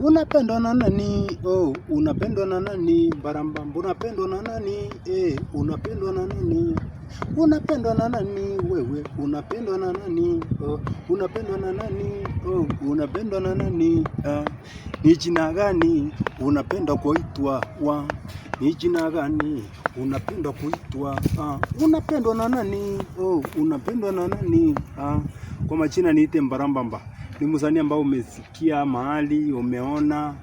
Unapendwa na nani? Oh, unapendwa na nani? Barambam, unapendwa na nani? Eh, unapendwa na nani? Unapendwa na nani wewe? Unapendwa na nani? Oh, unapendwa na nani? Oh, unapendwa na nani? Ah, ni jina gani unapenda kuitwa? Wa, ni jina gani unapenda kuitwa? Ah, unapendwa na nani? Oh, unapendwa na nani? Ah, kwa majina niite Mbarambamba ni msanii ambao umesikia mahali, umeona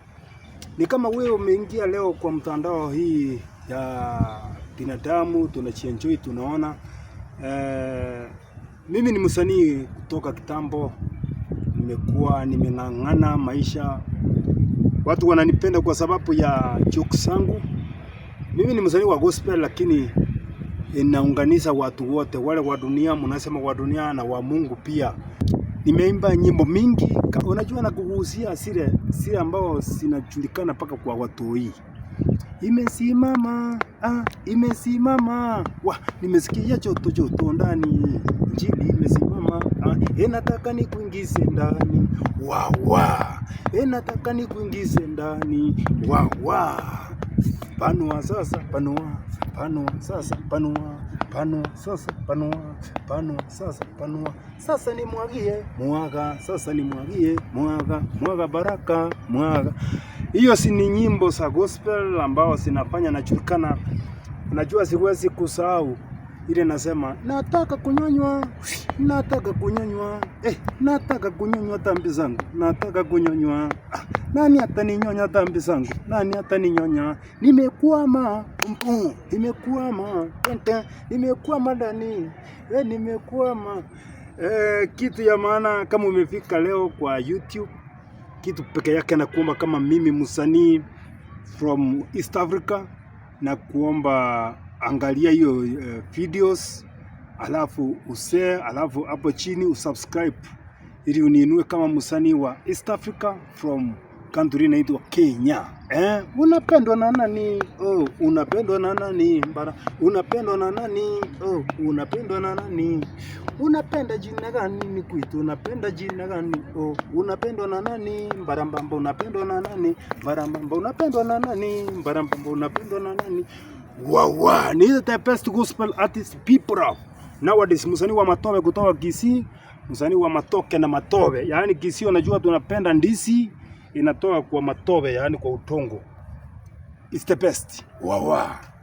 ni kama wewe umeingia leo kwa mtandao hii ya binadamu, tunachienjoy tunaona. E, mimi ni msanii kutoka kitambo, nimekuwa nimeng'ang'ana maisha, watu wananipenda kwa sababu ya jokes zangu. Mimi ni msanii wa gospel, lakini inaunganisha watu wote, wale wa dunia mnasema wa dunia na wa Mungu pia. Nimeimba nyimbo mingi, unajua na kugusia zile zile ambao zinajulikana mpaka kwa watu hii Imesimama, ah, imesimama. Wa, nimesikia joto joto ndani. njili imesimama, ah, enataka kuingize ndani. Wa wa. Enataka kuingize ndani. Wa wa. Panua sasa, panua pano sasa, panua pano sasa, panua pano sasa, panua sasa, ni mwagie mwaga sasa, ni mwagie mwaga mwaga baraka mwaga. Hiyo si ni nyimbo za gospel ambao zinafanya najulikana, najua siwezi kusahau ile nasema nataka kunyonywa, nataka kunyonywa, eh, nataka kunyonywa dhambi zangu, nataka kunyonywa. Ah, nani ataninyonya dhambi zangu? Nani ataninyonya? Nimekwama mpu, nimekwama tente, nimekwama ndani, eh, nimekwama. Eh, kitu ya maana kama umefika leo kwa YouTube, kitu peke yake na kuomba kama mimi msanii from East Africa na kuomba angalia hiyo uh, videos alafu usee, alafu hapo chini usubscribe ili uniinue kama msanii wa East Africa from country inaitwa Kenya. Eh, unapendwa na nani? Oh, unapendwa na nani? Mbara, unapendwa na nani? Oh, unapendwa na nani? Unapenda jina gani ni kwitu? Unapenda jina gani? Oh, unapendwa na nani? Barambamba, unapendwa na nani? Barambamba, unapendwa na nani? Barambamba, unapendwa na nani? Wow, wow. Ni the best gospel artist people. Nowadays msanii wa Matobe kutoka Kisii, msanii wa Matoke na Matobe. Yaani Kisii unajua tunapenda ndisi inatoka kwa Matobe, yaani kwa utongo. It's the best. Wow, wow.